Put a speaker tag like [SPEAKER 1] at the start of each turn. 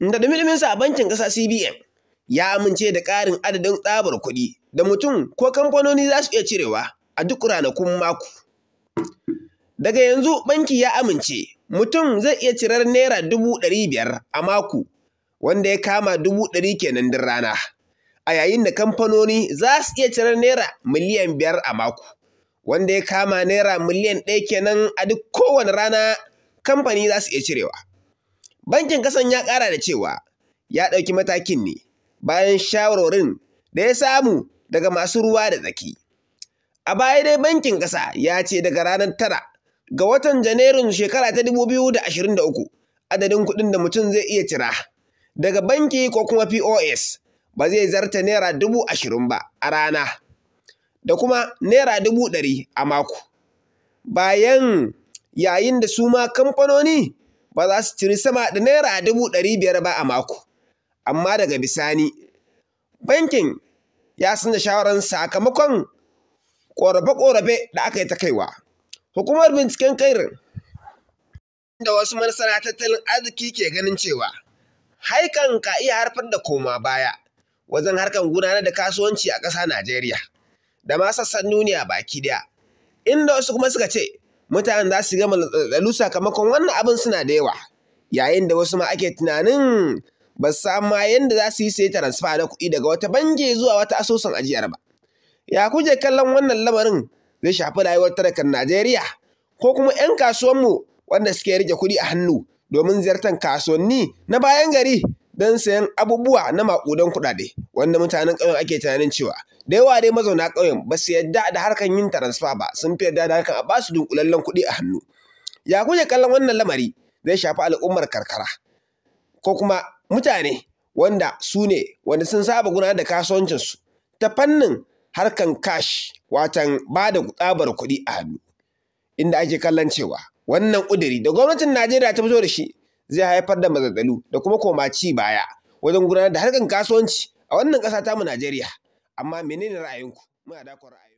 [SPEAKER 1] da dumi a bankin ƙasa CBN ya amince da ƙarin adadin tsabar kuɗi da mutum ko kamfanoni za su iya cirewa a duk ranakun mako. Daga yanzu banki ya amince mutum zai iya cirar naira dubu ɗari biyar a mako wanda ya kama dubu ɗari kenan din rana. A yayin da kamfanoni za su iya cirar naira miliyan biyar a mako wanda ya kama naira miliyan ɗaya kenan a duk kowane rana kamfani za su iya cirewa. Bankin kasan ya ƙara da cewa ya ɗauki matakin ne bayan shawarorin da ya samu daga masu ruwa da tsaki. A baya dai bankin ƙasa ya ce daga ranar tara ga watan Janairun shekara ta da uku, adadin kuɗin da mutum zai iya cira daga banki ko kuma POS ba zai zarta naira dubu ashirin ba a rana da kuma naira dubu ɗari a mako. Bayan yayin da su ma kamfanoni ba za su ciri sama da naira dubu ɗari biyar ba a mako amma daga bisani bankin ya sanya shawarar sakamakon ƙorafe-ƙorafe da aka yi ta kaiwa hukumar binciken kairin da wasu masana tattalin arziki ke ganin cewa haikan ka iya harfar da koma baya wajen harkan gudanar da kasuwanci a ƙasa Najeriya da ma sassan duniya baki daya inda wasu kuma suka ce mutanen za su gama lalu sakamakon wannan abin suna da yawa yayin da wasu ma ake tunanin ba su samu yadda za su yi sai transfer na kuɗi daga wata banki zuwa wata asusun ajiyar ba ya kuje kallon wannan lamarin zai shafi rayuwar tarakan najeriya ko kuma 'yan kasuwanmu wanda suke rike kuɗi a hannu domin ziyartar kasuwanni na bayan gari don sayan abubuwa na maƙudan kuɗaɗe wanda mutanen ƙauyen ake tunanin cewa da yawa dai mazauna ƙauyen ba su yarda da harkan yin taransifa ba sun fi yarda da harkan a su dunkulallen kuɗi a hannu ya kuke kallon wannan lamari zai shafi al'ummar karkara ko kuma mutane wanda su ne wanda sun saba gudanar da kasuwancinsu ta fannin harkan kash watan ba da tsabar kuɗi a hannu inda ake kallon cewa wannan ƙuduri da gwamnatin najeriya ta fito da shi zai haifar da matsatsalu da kuma komaci baya wajen gudanar da harkar kasuwanci a wannan ƙasa mu Najeriya. Amma menene ra'ayinku? Muna da ra'ayi.